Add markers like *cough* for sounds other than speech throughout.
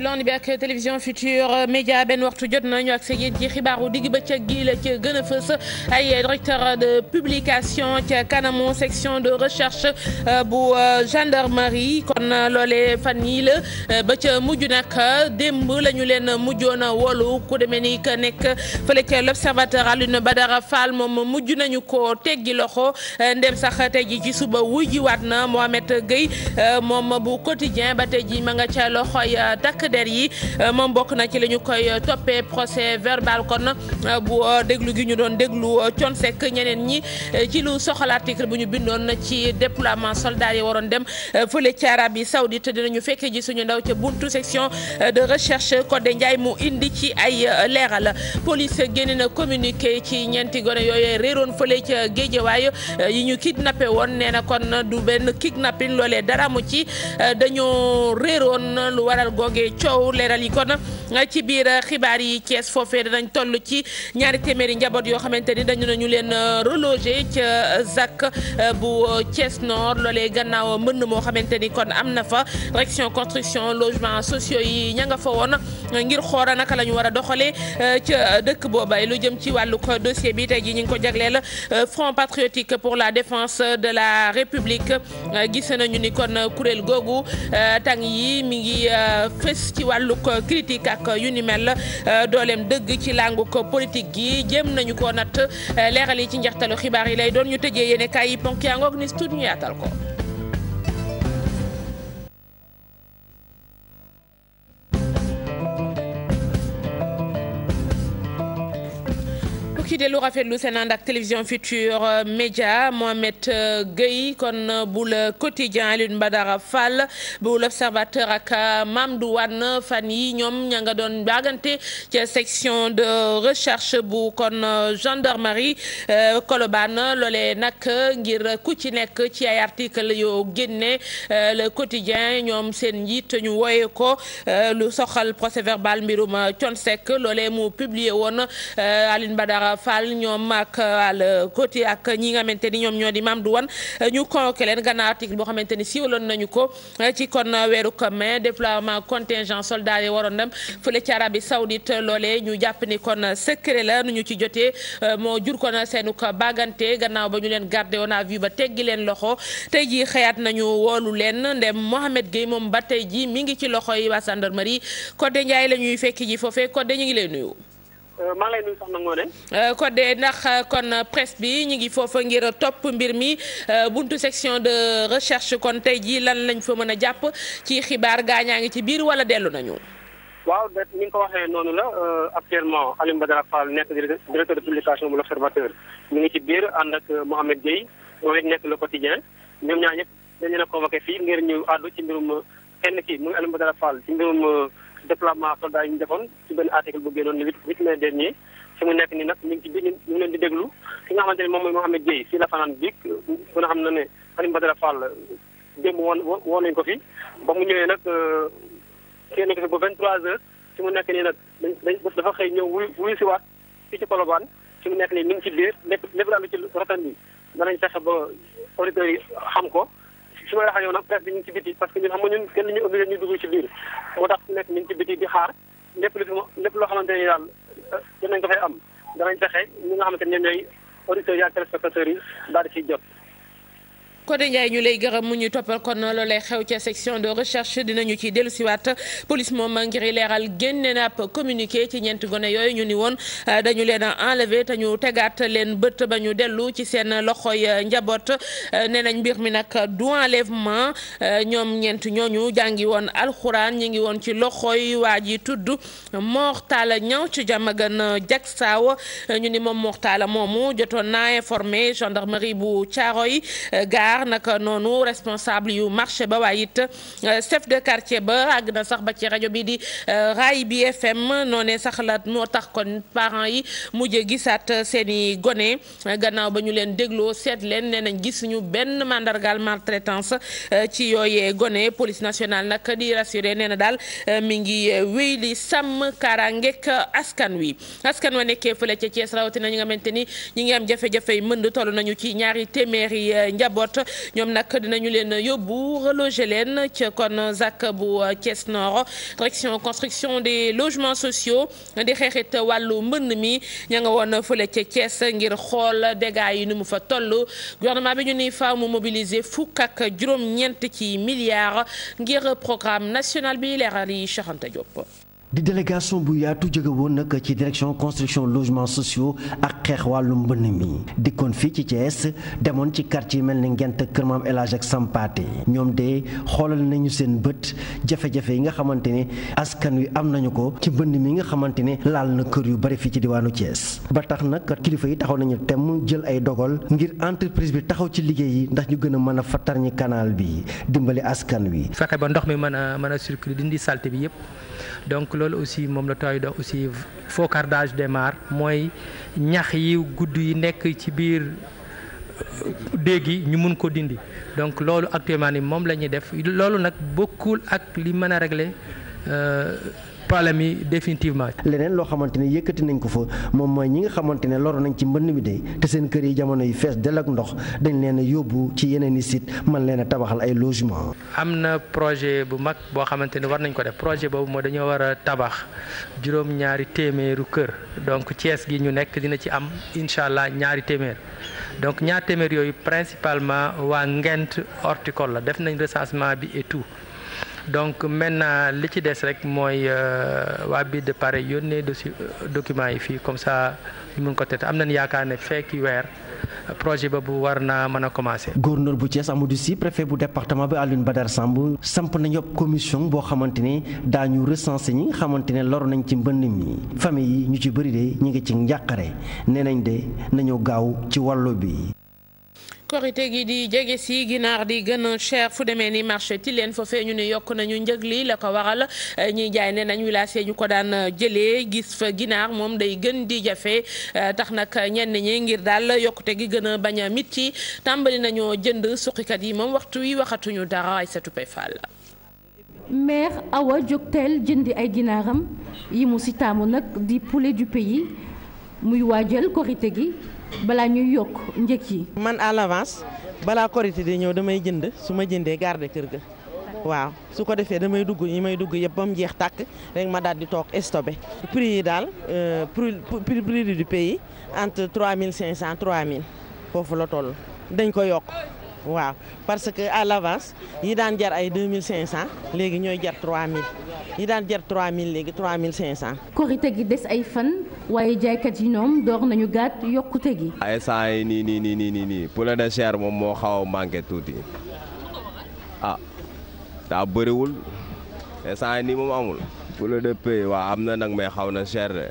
lon bi ak télévision Futurs média benn waxtu jot na nañu ak sa yéen ci xibaaru digg bëccëg gi la ca gën a fës ay directeur de publication ca kanamu section de recherche euh, bu euh, gendarmerie kon euh, loolee fan yii la ba ca mujj nag démb lañu leen mujjoon a wolu ku demee ni que nekk fële ca l'observateur ba dara Fall moom mujj nañu ko teggi loxo ndem sax tey ji ci suba wuy jiwaat na Mohamed Gueye moom bu quotidien ba tey ji ma nga ca loxoy takk der yi euh, moom bokk na ci li ñu koy euh, toppee procès verbal kon euh, bu déglu gi ñu doon déglu Thione Seck ñeneen ñi ci lu soxal article bu ñu bindoon ci déploiement soldats yi waroon dem fële ci Arabie Saoudite ñu fekk ji suñu ndaw ca buntu section de recherche Codé njaay mu indi ci ay leeral police génne na communiqué ci ñeenti gone yooyu réeroon fële ca Géejawaay yi ñu kidnappé woon nee na kon du benn kidnapping loolee dara mu ci dañoo réeroon lu waral coow leeral yi kon ci biir xibaar yi Thiès foofee danañ toll ci ñaari téeméeri njaboot yoo nte ni dañu nañu leen reloger ca ZAC bu Thiès Nord loolee gannaaw mbënn moo xamante ni kon am na fa réaction construction logement sociaux yi ña nga fa woon ngir xoora naka la ñu war a doxalee euh, ca dëkk boobay lu jëm ci wàllu ko dossier bi tey jii ñu ngi ko jagleel euh, Front patriotique pour la défense de la République euh, gis nañu ni kon kuréel googu tàng ci wàllug critique ak yu ni mel euh, dooleem dëgg ci ko politique gi jéem nañu ko nat euh, leeral yi ci njeextalu xibaar yi lay doon ñu tëjee yéen kaay yi ponk yaa ngoog ni studio ñu yaatal ko. mbokk yi de lu rafetlu seen ànd ak télévision Futur euh, Média Mohamed euh, Gueye kon euh, bu le quotidien Alioune Badara Fall bu l'observateur ak Mamadou Wane fan yi ñoom ña nga doon baagante ca section de recherche bu kon gendarmerie Colobane loolee nag ngir ku ci nekk ci ay article yoo génne le quotidien ñoom seen njiit ñu wooye ko lu soxal procès verbal mbirum Thione Seck loolee mu publier woon Alioune Badara Fall ñoom ak wàll euh, côté ak ñi nga xamante ni ñoom ñoo di Mamadou Wane euh, ñu convoqué leen gannaaw article boo xamante ni siiwaloon nañu ko euh, ci kon weeru mai déploiement contingent soldats yi waroon dem fële ci Arabie Saoudite loole ñu jàpp ni kon secret la nu ñu ci jotee moo jur kon seenu ko bagante gannaaw ba ñu leen gardé woon à vue ba teggi leen loxo tey jii xëyaat nañu woolu leen ndem Mohamed Gueye moom ba tey jii mu ngi ci loxo yi waa gendarmerie Codé Ndiaye la ñuy fekk ji foofee Codé ñu ngi lay nuyu. Euh, maa ngi lay nuyu soxna Ngoné. Euh, kon de ndax euh, kon presse bi ñu ngi foofa ngir topp mbir mi buntu section de recherche kon tey jii lan lañ fa mën a jàpp ci xibaar gaañaa ngi ci biir wala dellu nañu. waaw de ni nga ko waxee noonu la actuellement Alioune Badara Fall nekk directeur de publication bu l'Observateur mu ngi ci biir ànd ak Mohamed Gueye moom it nekk le quotidien ñoom ñaar ñëpp dañu leen a convoqué fii ngir ñu àddu ci mbirum kenn ki mu Alioune Badara Fall ci déploiement soldats yi ñu defoon ci benn article bu génnoon le huit huit mai dernier fi mu nekk nii nag ñu ngi ci leen di déglu ki nga xamante ne moom mooy Mouhamed Dieye si la fanaan biig ku na xam na ne Alioune Badara Fall démb woon woon nañu ko fi ba mu ñëwee nag euh, kenn ko fi ba vingt trois heures fi mu nekk nii nag dañ dafa xëy ñëw wuy wuyu si waat fii ci Colobane fi mu nekk nii mi ngi ci biir lépp lépp daal ci rotan bi danañ fexe ba auditeurs yi xam ko su may wax ak yow nag presse bi ñu ngi ci biti parce que ñun xam nga ñun kenn ñu obligé ñu dugg ci biir moo tax nekk ñu ngi ci biti di xaar lépp lu fi lépp loo xamante ni daal euh, nañ ko fay am danañ fexe ñi nga xamante ne ñoom ñooy auditeurs yi ak téléspectateurs yi daal di ciy jot Codé Ndiaye ñu lay gërëm mu ñuy toppal kon loolu lay xew ca section de recherche dinañu ci dellusiwaat police moom ngir leeral génne na ab communiqué ci ñeenti gone yooyu ñu ni woon euh, dañu leen a enlevé te ñu tegaat leen bët ba ñu dellu ci seen loxoy euh, njaboot euh, nee nañ mbir mi nag du enlèvement ñoom ñeent ñooñu jàngi woon alxuraan ñu ngi woon ci loxoy waa ji tudd Mortala ñaw ci jàmmagan jagsaaw ñu ni moom Mortala moomu jotoon naa informé gendarmerie bu Thiaroye baax naka noonu responsable yu marché ba waaye it euh, chef de quartier ba àgg na sax ba ci rajo bi di euh, Raay bi FM noonee sax la moo tax kon parents yi mujje gisaat seeni gone gannaaw ba ñu leen dégloo seet leen nee nañ gisuñu benn mandargaal maltraitance euh, ci yooyee gone police nationale nag di rassuré nee na daal mi ngi wéy li sàmm kaaraangeek askan wi askan wa nekkee fële ca Thiès rawatina ñu nga xamante ni ñi ngi am jafe-jafe mënd toll nañu ci ñaari téeméeri njaboot ñoom nag dinañu leen yóbbu reloger leen ca kon ZAC bu Thiès Nord direction construction des logements sociaux di xeexit wàllu mbënn mi ña nga woon fële ca Thiès ngir xool dégâts yi nu mu fa toll gouvernement bi ñu ni faaw mu mobiliser fukk ak juróom-ñeent ci milliards ngir programme national bi leeral yi Cheikh Anta Diop di délégation bu yaatu jóge woon nag ci direction construction logement sociaux ak xeex wàllu mbënn mi dikkoon fii ci Thiès demoon ci quartier mel ni Ngent Kër Maam El Hadj ak Sampaate ñoom de xoolal nañu seen bët jafe-jafe yi nga xamante ne askan wi am nañu ko ci mbënn mi nga xamante ne laal na kër yu bari fii ci diwaanu Thiès. ba tax nag kilifa yi taxaw nañu temm jël ay dogal ngir entreprise bi taxaw ci liggéey yi ndax ñu gën a mën a fattar ñi bi dimbali askan wi. fexe ba ndox mi mën a mën a circuler dindi salte bi yëpp loolu aussi moom la tooy dox aussi focardage des mar mooy ñax yi gudd yi nekk ci biir euh, déeg ñu mun ko dindi donc loolu actuellement ni moom la ñuy def loolu nag bokkul ak li mën a régler euh, problème yi définitivement. leneen loo xamante ne yëkkati nañ ko fa moom mooy ñi nga xamante ne loru nañ ci mbënn mi de te seen kër yi jamono yi fees del ak ndox dañ leen a yóbbu ci yeneen i site man leen a tabaxal ay logement am na projet bu mag boo xamante ne war nañ ko def projet boobu moo dañoo war a tabax juróom-ñaari téeméeru kër donc Thiès gi ñu nekk dina ci am incha allah ñaari téeméer donc ñaar téeméer yooyu principalement waa Ngent horticole la def nañ recensement bi et tout. donc maintenant li ci des rek mooy euh, waa biir de pare yónnee dosi euh, document yi fii comme ça ñu mun ko tete am nañ yaakaar ne fekki weer projet ba bu war naa mën a commencer. gouverneur bu Thiès Amadou Sy préfet bu département bi Alioune Badara Samb samp nañ yopp commission boo xamante ne ñu recenser ñi xamante ne lor nañ ci mbënd mi famille yi ñu ci bëri de ñu ngi ci njàqare nee nañ de nañu gaaw ci wàllu bi. korite gi di jege si ginaar di gën cher fu demee ni marché Tilène foofee ñu ne yokk nañu njëg li la ko waral ñuy jaay ne nañ wilaas ñu ko daan jëlee gis fa ginaar moom day gën di jafe tax nag ñenn ñi ngir daal yokkute gi gëna a bañ a mitti tàmbali nañoo jënd suqikat yi moom waxtu wi waxatuñu dara ay sa tupe Fall. maire Awa Diogteel jëndi ay ginaaram yi mu si taamu nag di poulet du pays muy waajal korite gi. balaa ñuy yokk njëg yi. man à l'avance balaa korité di ñëw damay jënd su ma jëndee garde kër ga. waaw su ko defee damay dugg ñi may dugg yëpp ba jeex tàkk rek ma daal di toog stocké. prix yi daal euh, prix prix du pays entre cinq cent 3500 3000 foofu la toll dañ ko yokk. waaw parce que à l'avance yi daan jar ay 2500 léegi ñooy jar 3000 yi daan jar 3000 léegi 3500. korite gi des ay fan waaye jaaykat yi ñoom door nañu gàtt yokkute gi. ay yi nii nii nii nii nii nii de chair moom moo xaw a tuuti a ah, daa bëriwul saa yi nii moom amul. poulet de pays waaw am na nag mais xaw na cher de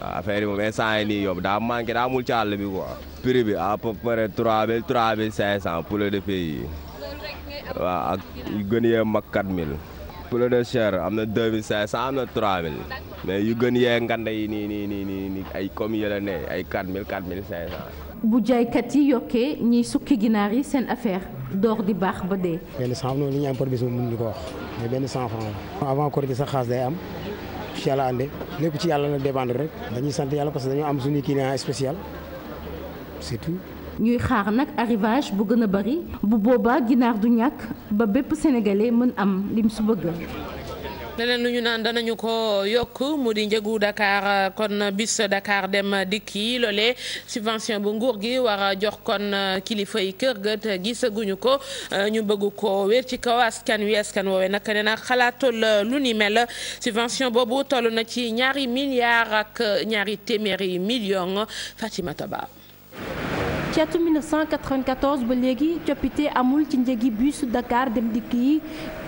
waaw affaire yi moom saa yi nii yow daa manqué daa amul ci àll bi quoi. prix bi à ah, peu près trois mille trois mille cinq cent poulet de pays yi waaw ak yu gën yee mag quatre mille poulet de chair am na deux mille cinq cent am na trois mais yu gën yee nganda yi nii nii nii nii ay comme yële ne ay quatre mille quatre mille cinq bu jaaykat yi yokkee ñiy sukki ginaar yi seen affaire door di baax ba dee. benn cent noonu li ñu am par ko wax mais benn cent franc la. avant koor gi sax day am ci yàlla ànde lépp ci yàlla la dépendre rek dañuy sant yàlla parce que dañoo am suñu client spécial. c'est ñuy xaar nag arrivage bu gën a bari bu boobaa ginaar du ñàkk ba bépp sénégalais mën am lim su bëgg. leneen lu ñu naan danañu ko yokk mu di njëgu dakaar kon bis dakaar dem dikk yi loolee subvention bu nguur gi war jox kon kilifa yi kër gët gisaguñu ko ñu bëgg ko wér ci kaw askan wi askan woowee nag nee na xalaatul lu ni mel subvention boobu toll na ci ñaari milliards ak ñaari téeméeri millions Fatima Taba. ci atum 1994 ba léegi coppite amul ci njëgi busu Dakar dem dikk yi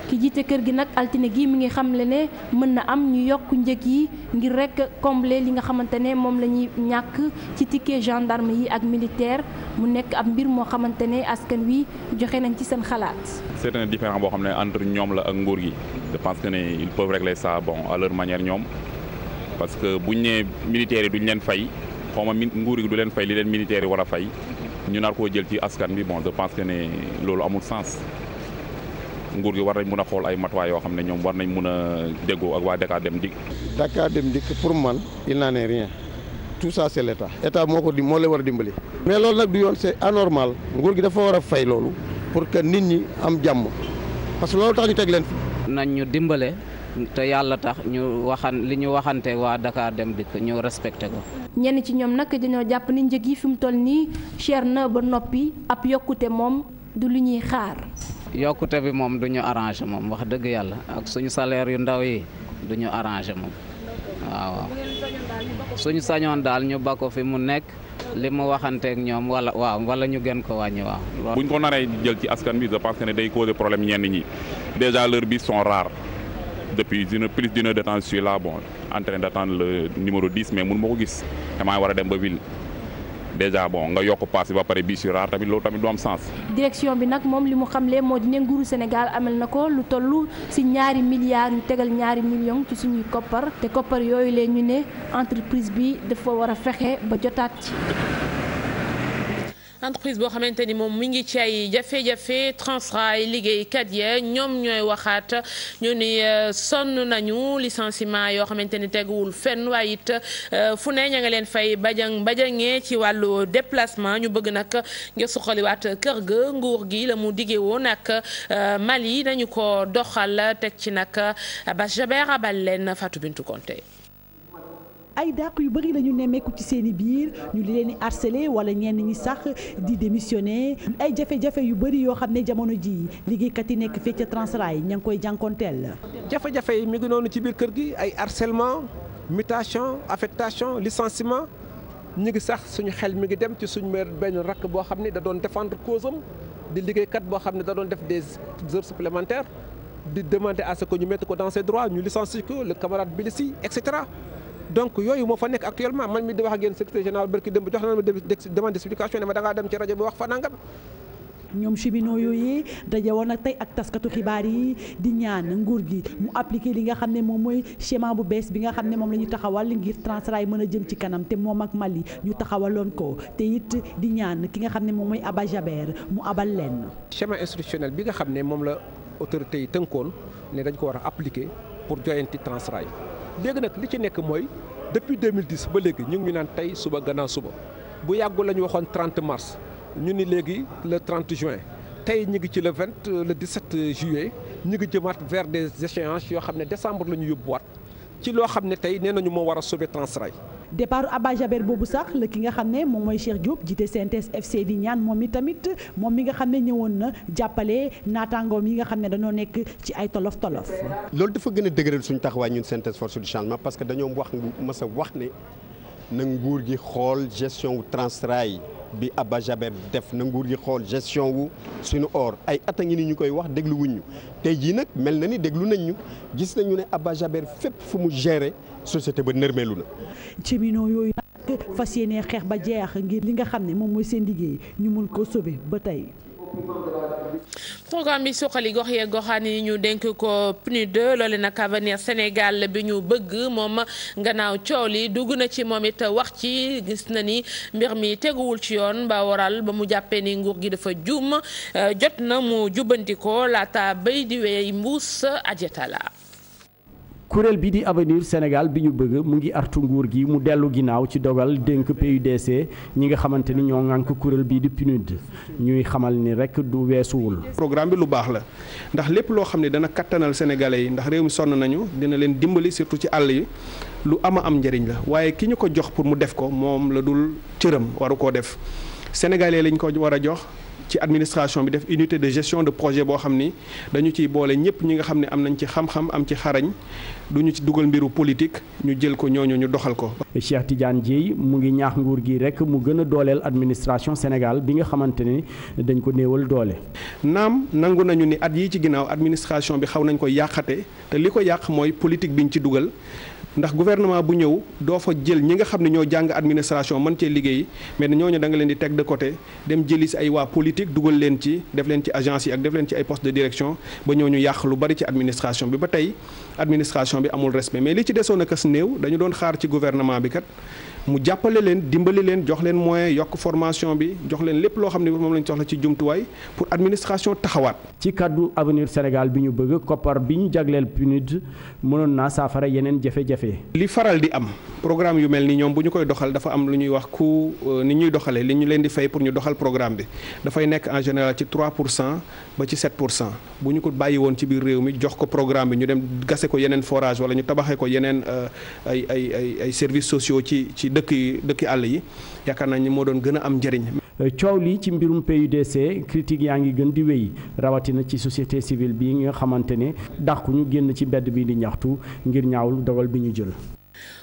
ki jiite kër gi nag altine gi mi ngi xamle ne mën na am ñu yokk njëg yi ngir rek combler li nga xamante ne moom la ñuy ñàkk ci ticket gendarme yi ak militaire mu nekk ab mbir moo xamante ne askan wi joxe nañ ci seen xalaat. c'est un différent boo xam ne entre ñoom la ak nguur yi je pense que ne ils peuvent régler ça bon à leur ñoom parce que buñ nee militaire yi duñ leen fay. xaw ma nguur gi du leen fay li leen militaires yi war a fay ñu nar koo jël ci askan bi bon je pense que ne loolu amul sens nguur gi war nañ mun a xool ay matuwaay yoo xam ne ñoom war nañ mun a déggoo ak waa Dakar Dem Dikk. Dakar Dem Dikk pour man il n'en e rien tout ça c'est l'état état moo ko di moo leen war a dimbali. mais loolu nag du yoon c'est anormal nguur gi dafa war a fay loolu pour que nit ñi am jàmm parce que loolu tax ñu teg leen fi. nañ ñu dimbale. te yàlla tax ñu waxan li ñu waxante waa Dakar dem dikk ñu respecté ko. ñenn ci ñoom nag dañoo jàpp ni njëg yi fi mu toll nii cher na ba noppi ab yokkute moom du li ñuy xaar. yokkute bi moom du ñu arrangé moom wax dëgg yàlla ak suñu salaire yu ndaw yi du arrangé moom waaw suñu sañoon daal ñu bakko fi mu nekk. li mu waxanteeg ñoom wala waa wala ñu gën ko wàññi waaw. buñ ko naree jël ci askan bi je pense que ne day causer problème ñenn ñi déjà leurs bus sont rares. depuis une plus d' une heure de temps je suis là bon en train le numéro 10 mais mun ma ko gis damaa war a dem ba ville déjà bon nga yokk paas ba pare bii si raar tamit loolu tamit du am sens. direction bi nag moom li mu xamle moo di nguuru Sénégal amal na ko lu toll si ñaari milliards yu tegal ñaari millions ci suñuy koppar te koppar yooyu la ñu ne entreprise bi dafa war a fexe ba jotaat ci. entreprise boo xamante ni moom mu ngi ci ay jafe-jafe Transrail liggéeykat ya ñoom ñooy waxaat ñu ni euh, sonn nañu licenciement yoo xamante ni teguwul fenn waaye it euh, fu ne ña nga leen fay bajang bajangee ci wàllu déplacement ñu bëgg nag ngir suqaliwaat kër ga nguur gi la mu diggee woon ak euh, Mali nañu ko doxal teg ci nag Bass Jaber abal leen Fatou Bintou Konté ay dàq yu bëri la ñu nemmeeku ci seen i biir ñu di leen di harceler wala ñenn ñi sax di démissionner ay jafe-jafe yu bëri yoo xam ne jamono jii liggéeykat yi nekk fii ca yi ña ngi koy jànkonteel. jafe-jafe yi mi ngi noonu ci biir kër gi ay harcèlement mutation affectation licenciement ñu ngi sax suñu xel mi ngi dem ci suñu mère benn rakk boo xam ne da doon défendre cause am di liggéeykat boo xam ne da doon def des heures supplémentaires di demander à ce que ko dans ses ñu licencier ko le camarade Bilissi et cetera. donc yooyu moo fa nekk actuellement man mi di wax ak yéen secrétaire général barki na ma demande d'explication ne ma da ngaa dem ci rajo bi wax fa ñoom cheminot yooyu daje ak tey ak taskatu xibaar yi di ñaan nguur gi mu appliqué li nga xam ne moom mooy schéma bu bees bi nga xam ne moom la ñu taxawal ngir Transrail mën a jëm ci kanam te moom ak Mali ñu taxawaloon ko te it di ñaan ki nga xam ne moom mooy Aba Jaber mu abal leen. schéma institutionnel bi nga xam ne moom la autorité yi tënkoon ne dañ ko war a appliqué pour joyanti Transrail léegi nag li ci nekk mooy depuis 2010 ba léegi ñu ngi naan tey suba gannaaw suba bu yàggu la ñu waxoon 30 mars ñu ni léegi le 30 juin tey ñu ngi ci le 20 le 17 juillet ñu ngi jëmaat vers des échéances yoo xam ne décembre la ñu yóbbuwaat. ci loo xam ne tey nee nañu moo war a sauver Transrail départ Abba Jaber boobu sax la ki nga xam ne moom mooy Cheikh Diop jiite CNTS FC di ñaan moom i tamit moom mi nga xam ne ñëwoon na jàppale naataangoom yi nga xam ne dañoo nekk ci ay tolof tolof. loolu dafa gën a dëgëral suñu taxawaay ñun CNTS force du changement parce que dañoo wax mës a wax ne na nguur gi xool gestion wu Transrail bi Abba Jaber def na nguur gi xool gestion wu suñu or ay at a ngi ni ñu koy wax dégluwuñu tey jii nag mel na ni déglu nañ ñu gis nañu ne Abba Jaber fépp fu mu gérer société ba nërmeelu na. cheminot yooyu nag fas yéene xeex ba jeex ngir li nga xam ne moom mooy seen liggéey ñu mun ko sauver ba tey. programme bi suqali gox yee goxaan yi ñu dénk ko PNUD loole nag avenir senegal bi ñu bëgg moom gannaaw coow li dugg na ci moom it wax ci gis na ni mbir mi teguwul ci yoon ba waral ba mu jàppee ni nguur gi dafa juum jot na mu jubbanti laata bay di wey mbuus ajetala kuréel bi di avenir Sénégal bi ñu bëgg mu ngi artu nguur gi mu dellu ginnaaw ci dogal dénk PUDC ñi nga xamante ni ñoo ŋànk kuréel bii di PNUD ñuy xamal ni rek du weesuwul. programme bi lu baax la ndax lépp loo xam ne dana kattanal sénégalais yi ndax réew mi sonn nañu dina leen dimbali surtout ci àll yi lu ama am njëriñ la waaye ki ñu ko jox pour mu def ko moom la dul cëram waru koo def sénégalais lañ ko war a jox. ci administration bi def unité de gestion de projet boo xam ni dañu ciy boole ñëpp ñi nga xam ne am nañ ci xam-xam am ci xarañ du ñu ci dugal mbiru politique ñu jël ko ñooñu ñu doxal ko. Cheikh Tidiane Dièye mu ngi ñaax nguur gi rek mu gën a dooleel administration Sénégal bi nga xamante ni dañ ko néewal doole. naam nangu nañu ni at yii ci ginnaaw administration bi xaw nañ ko yàqate te li ko yàq mooy politique ñu ci dugal. ndax gouvernement bu ñëw doo fa jël ñi nga xam ne ñoo jàng administration man cee liggéey mais ñooñu da danga leen di teg de côté dem jëli si ay waa politique dugal leen ci def leen ci agence yi ak def leen ci ay poste de direction ba ñu yàq lu bari ci administration bi ba tey administration bi amul respect mais li ci desoon a kas néew dañu doon xaar ci gouvernement bi kat. mu jàppale leen dimbali leen jox leen moyen yokk formation bi jox leen lépp loo xam ne moom lañ soxla ci jumtuwaay pour administration taxawaat. ci kàddu avenir Sénégal bi ñu bëgg koppar bi ñu jagleel PNUD mënoon naa saafara yeneen jafe-jafe. li faral di am programme yu mel ni ñoom bu ñu koy doxal dafa am lu ñuy wax ku euh, ni ñuy doxalee li ñu leen di fay pour ñu doxal programme bi dafay nekk en général ci 3 pour cent ba ci 7 pour cent bu ñu ko bàyyi woon ci biir réew mi jox ko programme bi ñu dem gase ko yeneen forage wala ñu tabaxee ko yeneen euh, ay ay ay services sociaux ci ci. dëkk yi dëkki àll yi yaakaar naa ni moo doon gën a am njëriñ. coow li ci mbirum PUDC critique yaa ngi gën di wéy rawatina ci société civile bi nga xamante ne dàqu ñu génn ci mbedd bi di ñaxtu ngir ñaawul dogal bi ñu jël.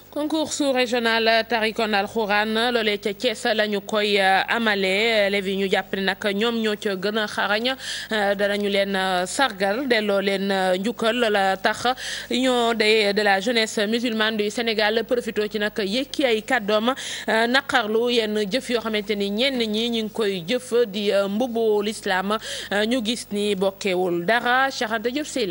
concours sous-régional Tarikon Alxuraan loolee ca Thiès la ñu koy euh, amalee élèves yi ñu jàpp ne nag ñoom ñoo ca gën a xarañ euh, danañu leen euh, sargal delloo leen njukkal la tax union de de la jeunesse musulmane du Sénégal profité ci nag yëkki ay kàddoom naqarlu yenn jëf yoo xamante ni ñenn ñi ñu ngi koy jëf di mbubbu l'islam ñu gis ni bokkewul dara Cheikh Anta Diop sey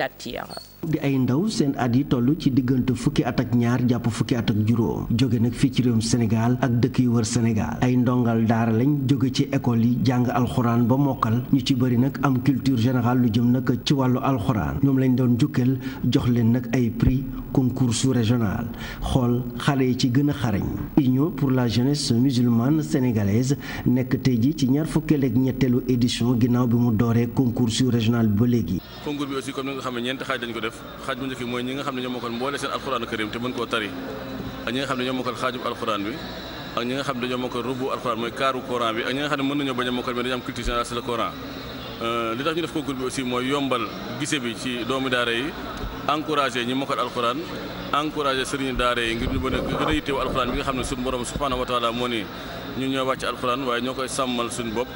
di ay ndaw seen at yi toll ci diggante fukki at ak ñaar jàpp fukki at ak juróom jóge nag fii ci réewum Sénégal ak dëkk yu wër Sénégal ay ndongal daara lañ jóge ci école yi jàng alxuraan ba mokkal ñu ci bëri nag am culture général lu jëm nag ci wàllu alxuraan ñoom lañ doon jukkal jox leen nag ay prix concours sous régional xool xale yi ci gën a xarañ Union pour la jeunesse musulmane sénégalaise nekk tey ji ci ñaar fukkeel ak ñetteelu édition ginnaaw bi mu dooree concours sous régional ba léegi. xaaj bu njëkk mooy ñi nga xam ne ñoo mokkal mboole seen alxuraanu karim te mën koo tari ak ñi nga xam ne ñoo mokkal xaajub alxuraan bi ak ñi nga xam ne mën nañoo bañ a mokkal mais dañu am culture générale sur euh, li tax ñu def concours bi aussi mooy yombal gise bi ci doomu daara yi encouragé ñi mokkal alxuraan encouragé sëriñu daara yi ngir ñu mën a gën a yittewu alxuraan bi nga xam ne suñu borom subhanahu wa moo ni ñun ñoo wàcc alxuraan waaye ñoo koy sàmmal suñu bopp.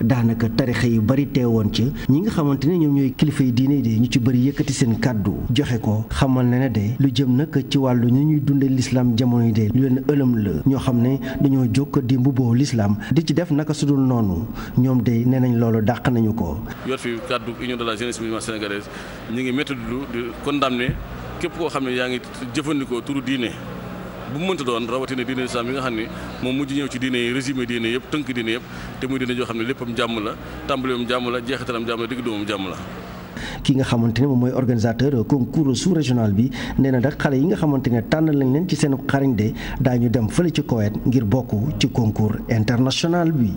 daanaka tarixa yu bari teewoon ci ñi nga xamante ne ñoom ñooy kilifa yi diine de ñu ci bëri yëkkati seen kàddu joxe ko xamal na ne de lu jëm nag ci wàllu ñu ñuy dundee lislaam jamono yi de lu leen ëlëm la ñoo xam ne dañoo jóg di mbubboo lislaam di ci def naka sudul noonu ñoom de nee nañ loolu dàq nañu ko. yor fi kàddu union de la jeunesse musulmane sénégalaise ñu ngi métti di condamné képp koo xam ne yaa ngi jëfandikoo turu bu mu mënta doon rawatina diine islam yi nga xam ne moo mujj ñëw ci diine yi résumé diine yëpp tënk diine yëpp te muy diine joo xam ne léppam jàmm la tàmbaliwam jàmm la jeexitalam doomam jàmm la ki nga xamante ne moom mooy organisateur concours sous régional bi nee na nag xale yi nga xamante ne tànn lañ leen ci seen xarañte daañu dem fële ci Koweït ngir bokk ci concours international bi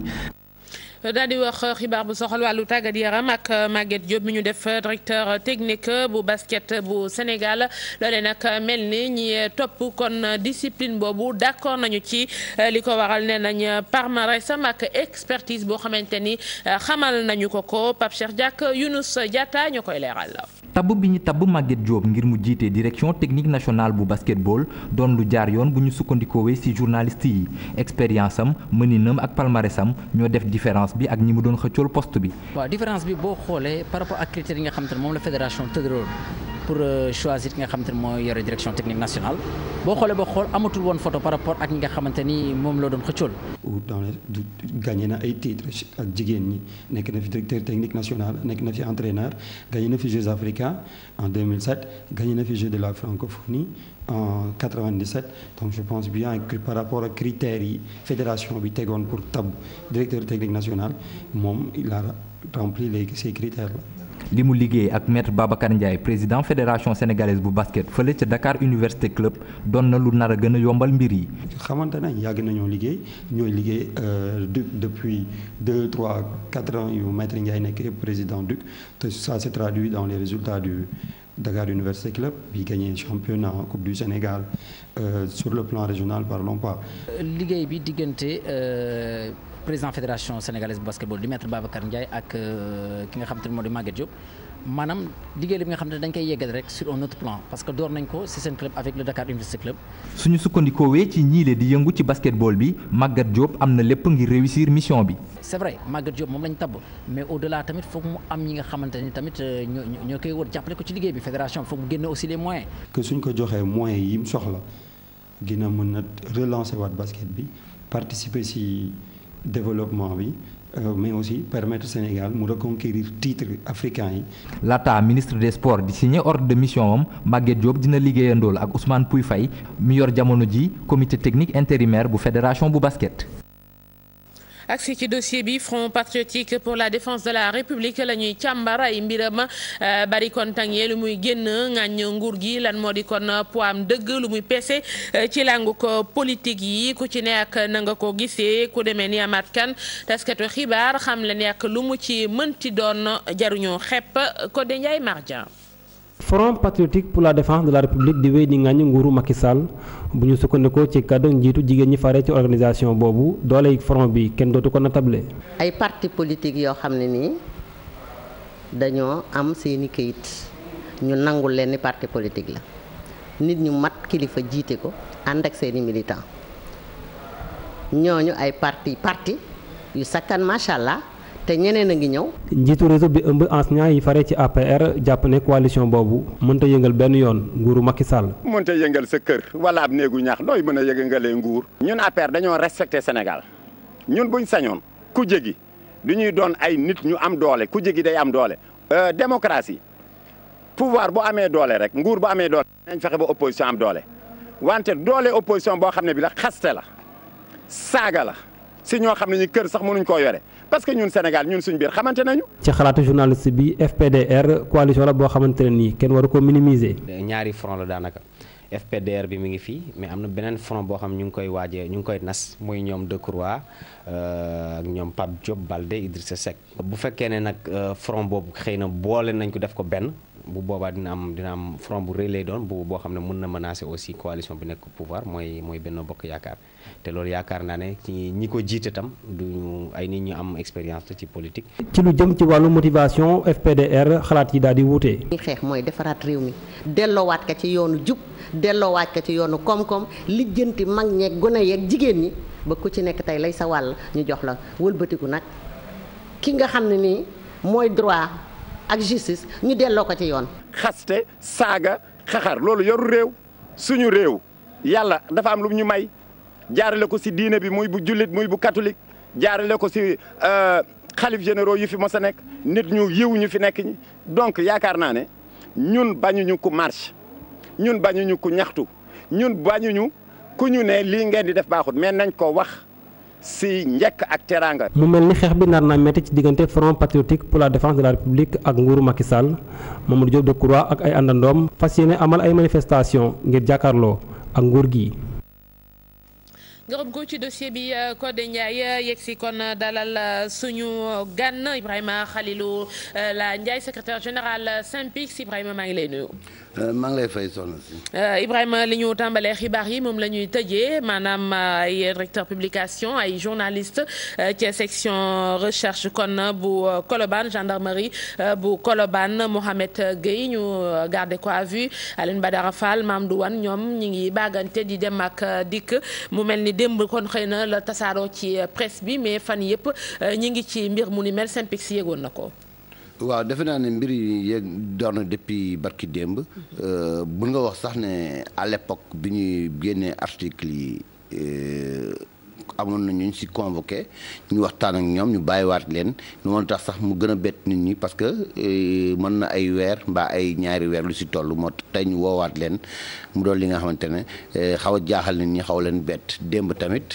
daal di wax xibaar bu soxal wàllu tàggat yaram ak Maguette Diop mi ñu def directeur technique bu basket bu Sénégal loolee nag mel ni ñi topp kon discipline boobu d'accord nañu ci li ko waral nee nañ parmarèsam ak expertise boo xamante ni xamal nañu ko ko Pape Cheikh Diack Younous Diatta ñoo koy leeral. tabb bi ñu tabb màgget Diop ngir mu jiite direction technique nationale bu basket bool doon lu jaar yoon bu ñu sukkandikoowee ci journaliste yi expérience am mëninam ak palmarèsam ñoo def différence. différence bi ak ñi mu doon xëccool poste bi. waaw différence bi boo xoolee par rapport ak critères yi nga xam ne moom la fédération tëddaloon pour euh, choisir ki nga xam te ne mooy yore direction technique nationale boo xoolee boo xool amatul woon photo par rapport ak ñi nga xamante ni moom la doon xëccool. dans na ay titres ak jigéen ñi nekk na fi directeur technique national nekk na fi entraîneur gagné na fi Jeux africains en 2007 gagné na fi Jeux de la francophonie. en 97 donc je pense bien que par rapport ak critères yi fédération bi tegoon pour tab directeur technique national moom il a rempli les ces critères là. li mu liggéey ak metre Babacar Ndiaye président fédération sénégalaise bu basket fële ca Dakar Université Club doon na lu nar a gën a yombal mbir yi. xamante nañ yàgg nañoo liggéey ñooy liggéey euh, depuis deux trois quatre ans yu maître Ndiaye nekk président DUC te ça se traduit dans les résultats du. Dakar Université Club bi gagné championnat Coupe du Sénégal euh, sur le plan régional parlons pas. liggéey bi diggante euh, président fédération sénégalaise bu basketball di maître Babacar Ndiaye ak euh, ki nga xam te moo di Maguette Diop maanaam liggéey bi nga xam ne dañ koy yeggal rek sur un autre plan parce que door nañ ko ci seen club avec le Dakar Université Club. suñu sukkandikoowee ci ñiile di yëngu ci basketball bi Maguette Diop am na lépp ngir réussir mission bi. c'est vrai Maguette Diop moom lañ tabb mais au la tamit foog mu am ñi nga xamante ni tamit euh, ñoo koy wër jàppale ko ci liggéey bi fédération foog mu génne aussi les moyens. que ko joxee moyens yi mu soxla gina mën a relancer waat basket bi participer ci développement bi. Euh, mais aussi permettre Sénégal mu reconquérir titre africain yi. laata ministre des sports di signé ordre de mission am Maguette Diop dina liggéeyandool ak Ousmane Pouy Faye mi yor jamono ji comité technique intérimaire bu fédération bu basket. ak ci dossier bi front patriotique pour la défence de la république la ñuy càmbar ay mbiram bari kon tàngee lu muy génn ŋàññ nguur gi lan moo di kon poam dëgg lu muy pese euh, ci làngu ko politique yi ku ci ne ak na nga ko gisee ku demee ni amaat kan taskatu xibaar xam la ne ak lu mu ci mënti doon jaruñoo xepp ko de Ndiaye Marja front patriotique pour la défense de république di wéy di ŋàññ nguuru Macky Sall bu ñu sukkandikoo ci kàddu jiitu jigéen ñi fare ci organisation boobu doole front bi kenn dootu ko natable ay parti politique yoo xam ne nii dañoo am seeni këyit ñu nangu leen ni parti politique la nit ñu mat kilifa jiite ko ànd ak seeni militant ñooñu ay parti parti yu sakkan macha allah te ñeneen a ngi ñëw. njiitu réseau bi ëmb enseignant yi fare ci APR jàpp ne coalition boobu mënta yëngal benn yoon nguuru Macky sàll mënta yëngal sa kër wala ab néegu ñax nooy mën a yëngalee nguur. ñun APR dañoo respecté Sénégal ñun buñ sañoon ku jegi du ñuy doon ay nit ñu am doole ku jegi day am doole. Euh, démocratie pouvoir bu amee doole rek nguur bu amee doole nañ fexe ba opposition am doole wante doole opposition boo xam ne bi la xaste la saaga la si ñoo xam ne ñu kër sax mënuñ koo yore. parce que ñun Sénégal ñun suñ biir xamante nañu. ci xalaatu journaliste bi FPDR coalition la boo xamante ne nii kenn waru ko minimiser. ñaari front la daanaka FPDR bi mi ngi fii mais am na beneen front boo xam ne ñu ngi koy waajee ñu ngi koy nas muy ñoom de Decroix euh, ak ñoom Pape Diop Baldé Idrissa Seck. bu fekkee ne nag euh, front boobu xëy na boole nañ ko def ko benn. bu boobaa dina am dina am front bu rëy lay doon bu boo xam ne mun na menacer aussi coalition bi nekk pouvoir mooy mooy Benno Bokk Yaakaar te loolu yaakaar naa ne ci ñi ko jiite tam duñu ay nit ñu am expérience ci politique. ci lu jëm ci wàllu motivation FPDR xalaat yi daal di wuute. li xeex mooy defaraat réew mi delloowaat ka ci yoonu jub delloowaat ka ci yoonu koom-koom lijjanti mag ñeeg gone yeeg jigéen ñi ba ku ci nekk tey lay sa wàll ñu jox la wëlbatiku nag ki nga xam ne nii mooy droit ak justice ñu delloo ko ci yoon. xaste saaga xaxar loolu yoru réew suñu réew yàlla dafa am lu ñu may. jaarale ko si diine bi muy bu jullit muy bu katolik jaarale ko si euh, xalif généraux yu fi mos a nekk nit ñu yiw ñu fi nekk ñi donc yaakaar naa ne ñun bañuñu ku marche ñun bañuñu ku ñaxtu ñun bañuñu ku ñu ne lii ngeen di def baaxut mais nañ ko wax si njëkk ak teraanga. mu mel ni xeex bi nar naa métti ci diggante front patriotique pour la défense de la république ak nguuru Macky Sall Mamadou de Decroix ak ay àndandoom fas yéene amal ay manifestation ngir jàkkaarloo ak nguur gi. ngërëm ko ci dossier bi euh, Codé Ndiaye euh, yegg si kon euh, dalal suñu gan Ibrahima Khalilou la Ndiaye secrétaire général Synpics Ibrahima maa ngi lay nuyu. Euh, maa ngi lay fay soxna si. Euh, Ibrahima li ñu tàmbalee xibaar yi moom la ñuy tëjee maanaam euh, ay directeur publication ay journaliste ci section recherche kon bu Colobane gendarmerie bu Colobane Mohamed Gueye ñu garde ko à vue Alioune Badara Fall Mamadou Wane ñoom ñu ngi bagante di dem ak dikk mu mel ni démb kon xëy na la tasaaroo ci presse bi mais fan yëpp ñu ngi ci mbir mu ni mel Synpics yëgoon na ko. waaw defe naa ne mbir yi yéeg door barki démb bu euh, nga wax sax ne à l'époque bi ñuy génnee article yi euh, amoon na ñu si convoqué ñu waxtaan ak ñoom ñu bàyyiwaat leen lu moo tax sax mu gën a bett nit ñi parce que euh, mën na ay weer mbaa ay ñaari weer lu si tollu moo tey ñu woowaat leen mu doon li nga xamante ne xaw a jaaxal nit ñi xaw leen bett démb tamit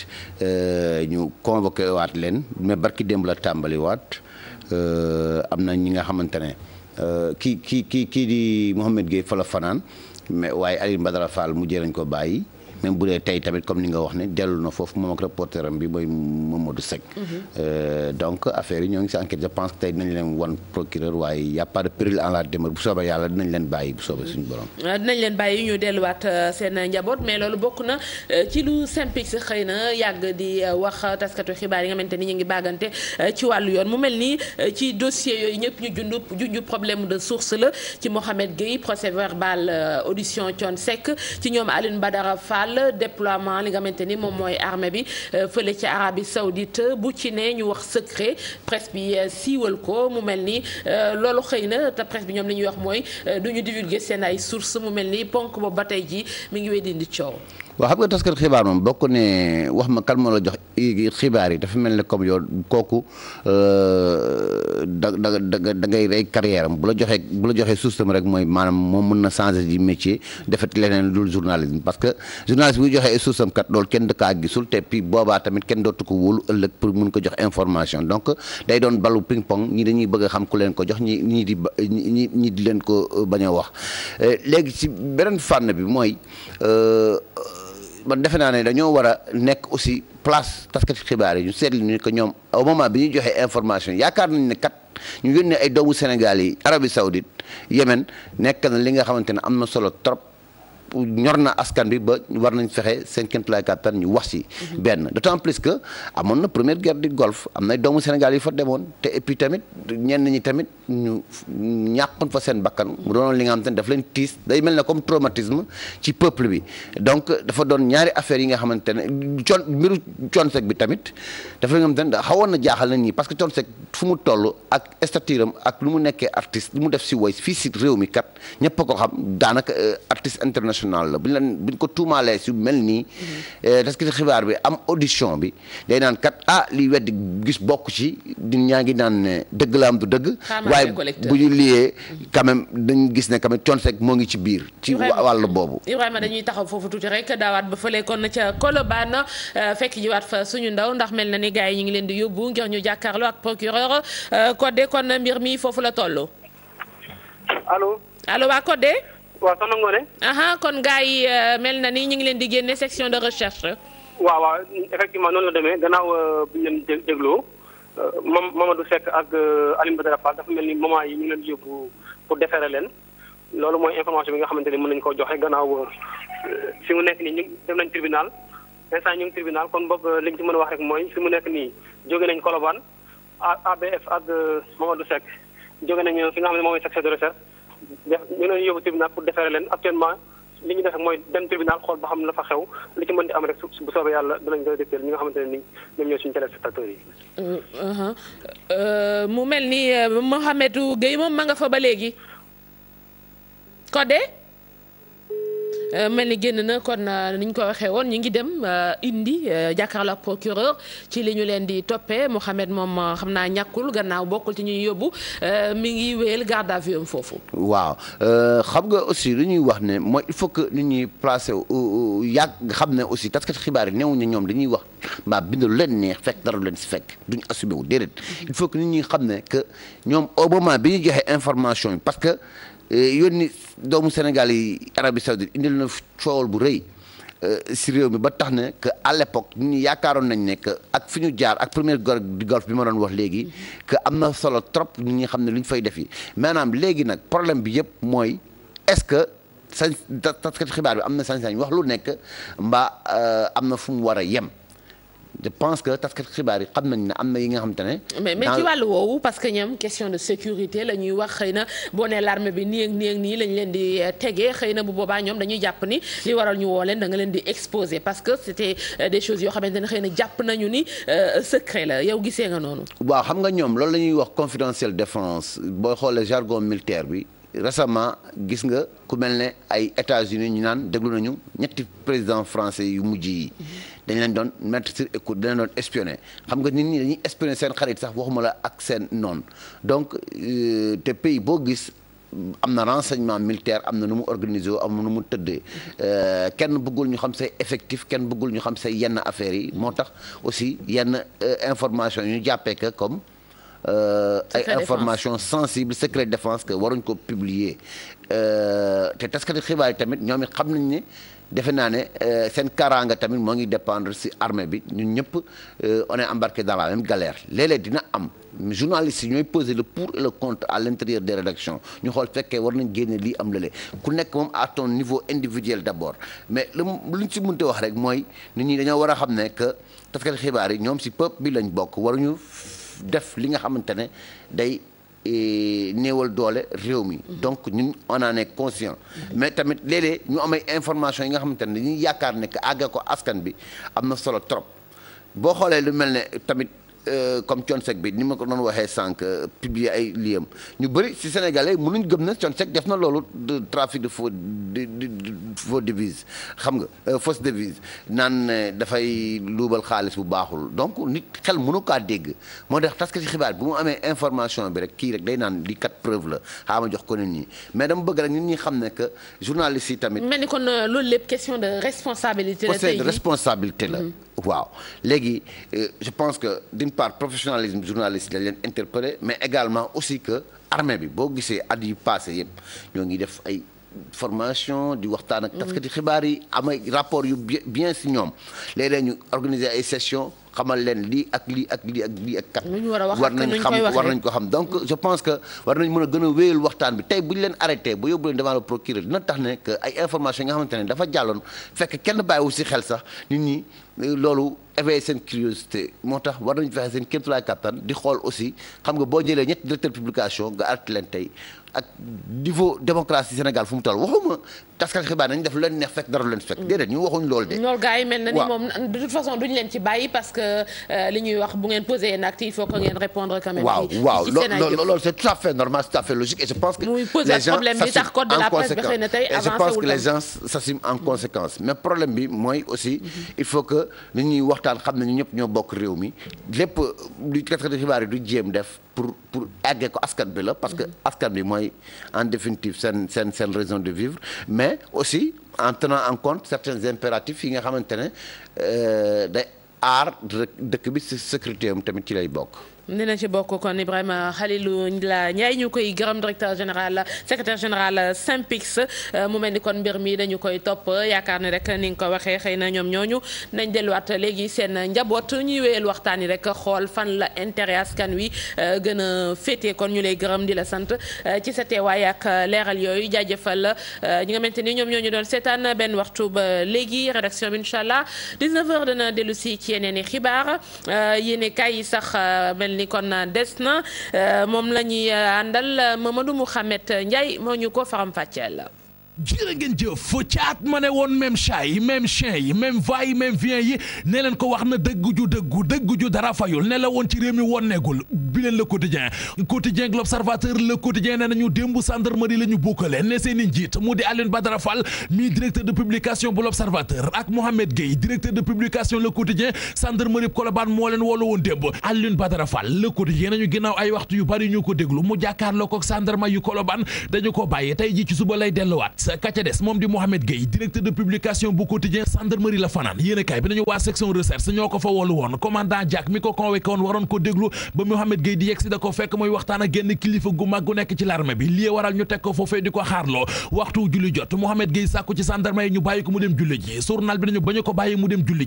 ñu convoqué waat leen mais barki démb la tàmbaliwaat. Euh, am na ñi nga xamante ne euh, kii kii kii kii di Mouhamed Gueye fa la fanaan mais waaye Alioune Badara Fall mujjee nañ ko bàyyi. même bu dee tey tamit comme ni nga wax ne dellu na foofu moom ak reporter bi mooy Mamadou Seck. Mhm. Euh, donc affaire yi ñoo ngi si enquête je pense que tey dinañ leen wan procureur waaye y' a de péril en la demeure bu soobee yàlla dinañ leen bàyyi bu soobee suñu borom. Euh, dinañ leen bàyyi ñu delluwaat euh, seen njaboot mais loolu bokk na ci lu Synpics xëy na yàgg di wax taskatu xibaar yi nga xamante ni ñu ngi baagante ci wàllu yoon mu mel ni ci dossier yooyu ñëpp ñu de source la ci Mohamed Gueye procès verbal audition Thione Seck ci Sall déploiement li nga xamante ni moom mooy armée bi euh, fële ci Arabie Saoudite bu ci ne ñu wax secret presse bi euh, siiwal ko mu mel ni euh, loolu xëy na te presse bi ñoom li ñuy wax mooy du ñu divulguer seen ay sources mu mel ni ponk boobu ba tey ji mi ngi weddi indi coow. waaw xam nga taskar xibaar moom bokk ne wax ma kan moo la jox xibaar yi dafa mel ne comme yow kooku euh, da da da ngay rey carrière am bu la joxee bu la joxee suuf rek mooy maanaam moom mën na changer di métier defati leneen dul journalisme parce que journaliste buy joxee suuf kat dool kenn da kaa gisul te puis boobaa tamit kenn dootu ko wóolu ëllëg pour mun ko jox information donc day doon balu ping pong ñi dañuy bëgg a xam ku leen ko jox ñi ñi di ñi ñii di leen ko euh, bañ a wax euh, léegi ci beneen fànn bi mooy. man defe naa ne dañoo war a nekk aussi place taskati xibaar yi ñu seetlu ñu que ñoom au bi ñuy joxe information yaakaar nañ ne kat ñu yónnee ay doomu Sénégal yi Arabie Saoudite Yémen nekk na li nga xamante ne am na solo trop. ñor na askan bi ba war nañ fexe seen kéemtalaay kattan ñu wax si. benn d'autant plus que amoon na première guerre du am na doomu Sénégal yi fa demoon te et puis tamit ñenn ñi tamit ñu ñàkkoon fa seen bakkan mu doonoon li nga xam te daf leen tiis day mel ne comme traumatisme ci peuple bi donc dafa doon ñaari affaires yi nga xamante ne con mbiru Thione Seck bi tamit dafa nga xamante ne xawoon na jaaxal na ñi parce que fu mu toll ak stature ak lu mu nekkee a nationale la bu ñu leen bu ñu ko tuumaalee si mel nii. taskati eh, xibaar bi am audition bi day naan kat ah liy weddi gis bokk ci di ñaa ngi naan ne dëgg la am du dëgg. waaye bu ñu liyee quand même gis ne quand même coon rek moo ngi ci biir. ci wàll boobu. Ibrahima dañuy taxaw foofu tuuti rek daawaat ba fële kon ca Colobane eh, fekk jiwaat fa suñu ndaw ndax mel na ni gars yi ñu ngi leen di yóbbu ngir ñu jàkkaarloo ak procureur eh, Codé kon mbir mii foofu la toll. allo allo waa waaw soxna Ngoné. kon gars yi euh, mel na ni ñu ngi leen di génne section de recherche. waaw waaw effectivement noonu la demee gannaaw euh, bi ñu leen dé dégloo euh, moom Mamadou Seck ak Alioune Badara Fall dafa mel ni moment yi ñu leen di yóbbu pour defeere leen loolu mooy information bi nga xamante ni mën nañu koo joxe gannaaw si mu nekk nii ñu dem nañ tribunal instant ñu ngi tribunal kon boog liñ ci mën a wax rek mooy fi mu nekk nii jóge nañ Colobane ABF ak Mamadou Seck jóge nañu fi nga xam ne moom mooy section de recherche. def ñu leen yóbbu tribunal pour defeere leen actuellement li ñu def mooy dem tribunal xool ba xam la fa xew li ci mën di am rek su bu soobee yàlla dinañ ko déglu ñi nga xamante ne ni ñoom ñoo suñu téléspectateurs yi. Mm, uh-huh. euh, mu mel ni euh, Mouhamedou Guèye moom ma nga fa ba léegi Codé. Euh, mel ni génn na kon euh, ni ñu ko waxee woon ñu ngi dem euh, indi jàkkaarloo procureur ci li ñu leen di toppee Mouhamed moom xam naa ñàkkul gannaaw bokkul ci ñuy yóbbu mi ngi wéyal garde à vue am foofu. waaw xam nga aussi lu ñuy wax ne mooy il faut que nit ñi placé yàgg nga xam ne aussi taskati xibaar yi ñu ñoom ñuy wax mbaa bind lu leen neex fekk dara lu leen si fekk duñ assumé wu mm-hmm. il faut que nit ñi xam ne que ñoom au bi ñu joxe information yi parce que. Eh, yónni doomu Sénégal yi Arabie Saoudite indil na coowal bu rëy eh, si réew mi ba tax ne que à l'époque ñu yaakaaroon nañ ne que ak fi ñu jaar ak première guerre du bi ma doon wax léegi que am na solo trop nit ñi xam ne lu ñu fay def yi maanaam léegi nag problème bi yëpp mooy est-ce que sañ taskati xibaar bi am na sañ-sañ wax lu nekk mbaa eh, am na fu mu war a yem. je pense que taskat xibaar yi xam nañ ne am na yi nga xam te ne. mais mais ci wàllu woowu parce que ñoom question de sécurité la ñuy wax xëy na boo nee l'armée bi nii ak nii ak lañ leen di euh, tegee xëy na bu boobaa ñoom dañuy jàpp ni li waral ñu woo leen da nga leen di exposer parce que c'était euh, des choses yoo xamante ne xëy na jàpp nañu ni euh, secret la yow gisee nga noonu. waaw xam nga ñoom loolu la ñuy wax confidentiel défense boo xoolee jargon militaire bi. récemment gis nga ku mel ne ay États-Unis ñu naan déglu nañu ñetti président français yu mujj yi dañ leen doon mettre sur écoute dañ leen doon espionné xam nga nit ñi dañuy espionné seen xarit sax waxuma la ak seen noon donc euh, te pays boo gis am na renseignement militaire am na nu mu organisé am nu mu tëddee euh, kenn buggul ñu xam say effectif kenn bëggul ñu xam say yenn affaires yi moo tax aussi yenn euh, information yu ñu jàppee comme Euh, ay information sensible secret défense que waruñ ko publier euh, te taskati xibaar yi tamit ñoom it xam nañ ni defe naa ne euh, seen kaaraanga tamit moo ngi dépendre si armée bi ñun ñëpp on est embarqué dans la même galère léeg-léeg dina am journalistes yi ñooy peser le pour et le contre à l'intérieur des rédactions ñu xool fekkee war nañ génne lii am lële ku nekk moom à ton niveau individuel d'abord mais lu luñ ci mënte wax rek mooy nit ñi dañoo war a xam ne que taskati xibaar yi ñoom ci peuple bi lañ bokk waruñu def li nga xamante ne day eh, néewal doole réew mi. Mhm. donc ñun on en est conscient. Mhm. mais tamit léeg-léeg ñu am information yi nga xamante ne dañuy yaakaar ne que àgge ko askan bi am na solo trop boo xoolee lu mel ne tamit. Euh, comme Thionsek bi ni ma ko doon waxee sànq euh, publier ay liam ñu bëri si sénégalais mënuñ gëm na Thionsek def na loolu de de faux de faux xam nga de euh, devise naan dafay luubal xaalis bu baaxul donc nit xel mënu kaa dégg moo tax parce que si xibaar bi mu amee information bi rek kii rek day naan di kat preuve la xaa ma jox ko ne nii mais dama bëgg rek nit ñi xam ne que journaliste yi tamit. mel ni kon loolu lépp question de responsabilité responsabilité la. Mm-hmm. waaw léegi euh, je pense que d'une part professionnalisme journaliste dañ leen interpellé mais également aussi que armée bi boo gisee at yu passé yëpp ñoo ngi def ay formation di waxtaan ak mm. taskati xibaar yi amay rapport yu bien si ñoom léeg-léeg ñu organiser ay session xamal leen lii ak lii ak lii ak lii ak kat war nañ xam war nañ ko xam donc je pense que war nañ mën a gën a wéyal waxtaan bi tey bu ñu leen arrêté ba yóbbu leen devant le procureur dina tax ne que ay information yi nga xamante ne dafa jàlloon fekk kenn bàyyiwu si xel sax nit ñi euh, loolu éveillé seen curiosité moo tax war nañ fexe seen kéemtulaay kattan di xool aussi xam nga boo jëlee ñetti directeur publication nga arrêté leen tey ak niveau démocratie Sénégal fu mu toll waxuma taskat xibaar nañ def leen neex fekk dara leen fekk. déedéet ñu waxuñ lool de. loolu gars yi mel na de toute façon duñ leen ci bàyyi parce que euh, li ñuy wax bu ngeen posé un acte il faut que ngeen répondre quand même. waaw waaw loolu c' est tout à fait logique et je pense que. les gens je en conséquence mais problème bi mooy aussi. Mhm. il faut que nit ñuy waxtaan xam ne ñu ñëpp ñoo bokk réew mi lépp lu taskat xibaar yi du jéem def. pour pour eggee ko askan bi la parce que mhm. askan bi mooy en définitive seen seen seen raison de vivre mais aussi en tenant en compte certains impératifs yi nga xamante ne euh, day aar dëkk bi sécurité am tamit ci lay bokk dina ci bokk kon Ibrahima Khalilou la Ndiaye ñu koy gërëm directeur général secrétaire général Synpics euh, mu mel ni kon mbir mi dañu koy topp yaakaar ne rek ni nga ko waxee xëy na ñoom ñooñu nañ delluwaat léegi seen njaboot ñuy wéyal waxtaan yi rek xool fan la intérêt kan wi euh, gën a féete kon ñu lay gërëm di la sant euh, ci sa teewaay ak leeral yooyu jaajëfal ñi nga xamante ni ñoom ñooñu doon seetaan benn waxtu ba léegi rédaction bi incha allah 19h dellu si ci yeneen i xibaar yéen kay mel ni kon euh, des na euh, moom la ñuy euh, àndal Mamadou Mouhamed Ndiaye moo ñu ko faram la jërë ngeen jëf caat ma ne woon même chat yi même chien yi même va yi même vient yi ne leen ko wax na dëgg ju dëggu dëgg ju dara fayul ne la woon ci réew mi woon neegul bi leen le quotidien quotidien ak l'observateur le quotidien ne nañu démb gendarmerie la ñu bukkale ne seen i njiit mu di Alioune Badara Fall mi directeur de publication bu l'observateur ak Mohamed Gueye directeur de publication le quotidien gendarmerie Colobane moo leen woolu woon démb Alioune Badara Fall le quotidien nañu ginnaaw ay waxtu yu bari ñu ko déglu mu jàkkaarloo ko gendarme yu Colobane dañu ko bàyyi tey ji ci suba lay delluwaat sa kaca des moom di Mohamed Gueye directeur de publication bu quotidien gendarmerie la fanaan yéen a kaay bi nañu waa section recherche ñoo ko fa woolu woon commandant Diack mi ko convoqué waroon ko déglu ba Mohamed Gueye di yegsi da ko fekk muy waxtaan ak genn kilifa gu mag gu nekk ci l'armée bi lii waral ñu teg ko foofee di ko xaarloo waxtu julli jot Mohamed Gueye sàkku ci gendarme yi ñu bàyyi ko mu dem julli ji journal bi nañu ba ñu ko bàyyi mu dem julli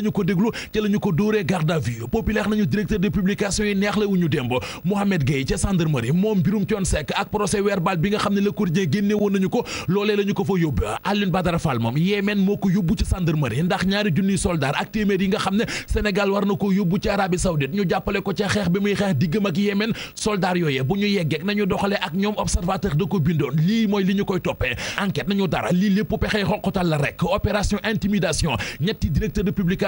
la ko déglu ci la ñu ko dóoree garde à vue populaire nañu directeur de publication yi neex la wu ñu démb Mohamed Gueye moom mbirum Thione Seck ak procès verbal bi nga xam ne Le Quotidien génne woon nañu ko loolee la ñu ko fa yóbbu Alioune Badara Fall moom Yémen moo ko yóbbu ci gendarmerie ndax ñaari junniy soldat ak téeméer yi nga xam ne Sénégal war na ko yóbbu ci Arabie Saoudite ñu jàppale ko ca xeex bi muy xeex diggam ak Yémen soldat yooyee bu ñu yeggeeg nañu doxalee ak ñoom observateur da ko bindoon lii mooy li ñu koy toppee enquête nañu dara lii lépp pexee xoqatal la rek opération intimidation ñetti directeur de publication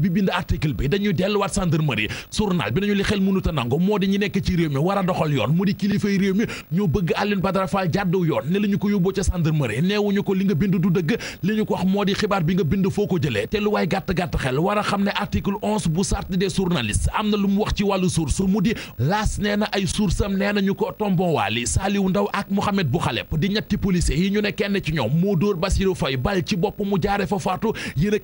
bi bind article bi dañuy delluwaat gendarmerie journal bi nañu li xel mënuta nangu moo di ñi nekk ci réew mi war a doxal yoon mu di kilifay réew mi ñoo bëgg Alioune Badara Fall yoon ne la ko yóbboo ca gendarmerie neewuñu ko li nga bind du dëgg li ñu ko wax moo di xibaar bi nga bind foo ko jëlee te lu waay gàtt-gàtt xel war xam ne article onze bu charte des journalistes am na lu mu wax ci wàllu source mu di laas nee na ay source nee na ñu ko tombon waali moo dóor Bassirou Faye bal ci bopp mu jaare fa faatu yéen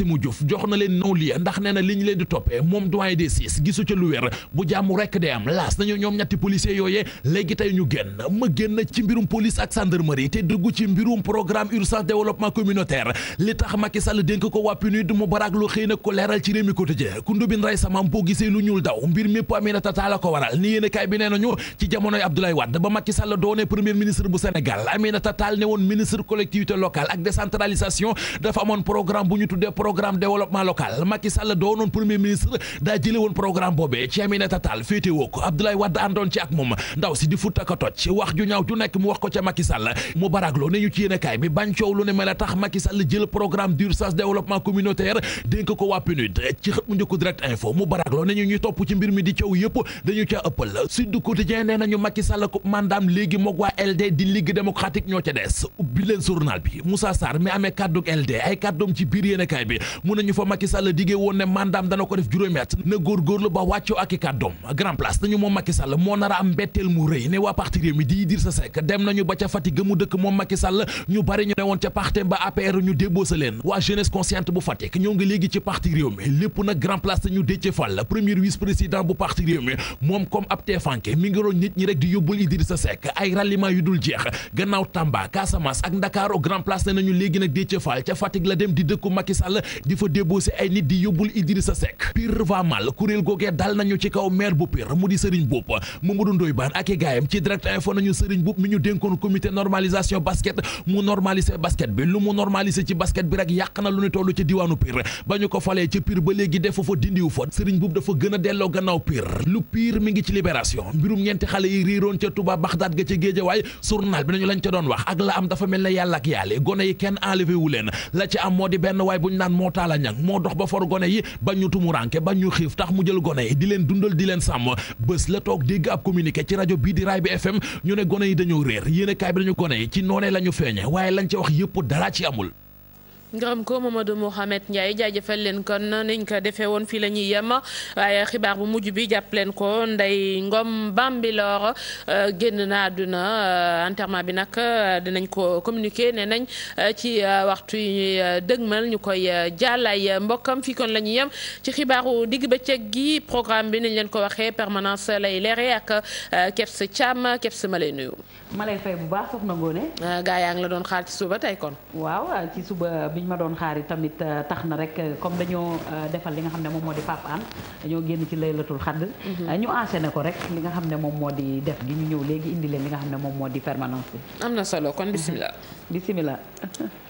Assimi Diouf jox na leen non lieu ndax nee na li ñu leen di toppee moom doyen des six gisu ca lu bu jàmm rek day am laas nañu ñoom ñetti policiers yooyee léegi tey ñu génn ma génn ci mbirum police ak gendarmerie te dugg ci mbirum programme urgence développement communautaire li tax Macky Sall dénk ko waa PNUD mu baraag lu xëy na ko leeral ci réew mi quotidien ku ndubin ray samaam boo gisee lu ñuul daw mbir mépp Aminata Tall la ko waral ni yéen programme développement local Macky Sall doonoon premier ministre daa jële woon programme boobee a mu wax ko ca ñu a ñuy topp ci mbir mi di coow yëpp dañu ca ëppal Sud Quotidien nee nañu Macky Sall ko léegi moog waa LD di Ligue démocratique ñoo ca des ubbi leen journal bi Moussa Sarr mi amee kàddug LD ay kàddoom ci biir yéenekaay bi mu nañu fa Macky Sall diggee woon ne mandaam dana ko def juróomi at na góorgóorlu ba wàccoo ak i kàddoom grand place nañu moom Macky Sall moo nar a am mbetteel mu rëy ne waa parti Rewmi di Idrissa Seck dem nañu ba ca Fatick mu dëkk moom Macky Sall ñu bari ne woon ca partem ba APR ñu déboose leen waa jeunesse consciente bu Fatick ñoo ngi léegi ci parti lépp nag grand place ñu Déthié Fall premier vice président bu parti Sall di fa débauché ay nit di yóbbul Idrissa Seck Pire va mal kuréel googee dal nañu ci kaw maire bu Pire mu di Serigne Mboup Mamadou Ndoye Bane ak i gaayam ci direct info nañu Serigne Mboup mi ñu dénkoon comité normalisation basket mu normalisé basket bi lu mu normalisé ci basket bi rek yàq na lu ñu toll ci diwaanu Pire ba ñu ko falee ci Pire ba léegi defu fa dindiwu fa Serigne Mboup dafa gën a delloo gannaaw Pire lu Pire mi ngi ci libération mbirum ñeenti ndeysaan moo taala ñang moo dox ba for gone yi bañ ñu tumuranke bañ ñu xiif tax mu jël gone yi di leen dundal di leen sàmm bés la toog dégg ab communiqué ci rajo bii di raay bi FM ñu ne gone yi dañoo réer yéen a kaay bi dañu gone yi ci noonee la ñu feeñe waaye lañ ci wax yëpp dara ci amul ngërëm ko Mamadou Mohamed Ndiaye jaajëfal leen kon niñ ko defee woon fi la ñuy yem waaye xibaar bu mujj bi jàpp leen ko Ndeye Ngom Bambilor euh, génn na àdduna euh, enterrement bi nag euh, dinañ ko communiquer nee nañ ci waxtu yi ñuy dëgmal ñu koy jàllay mbokkam fii kon la ñuy yem ci xibaaru digg ba bëccëg gi programme bi niñ leen ko waxee permanence lay leere ak Kebs Thiam Kebs ma lay nuyu. ma lay fay bu baax soxna Ngone. gaa yaa ngi la doon xaar ci suba tey kon. waaw ci biñ ma doon xaari tamit euh, tax na rek euh, comme dañoo euh, defal li nga xam ne moom moo di Pape An dañoo génn ci laylatul xadd mm-hmm. ñu enchaîné ko rek li nga xam ne moom moo di def gi ñu ñëw léegi indi leen li nga xam ne moom moo di permanence bi am na solo kon bisimilah. Mm-hmm. bisimilah. *laughs*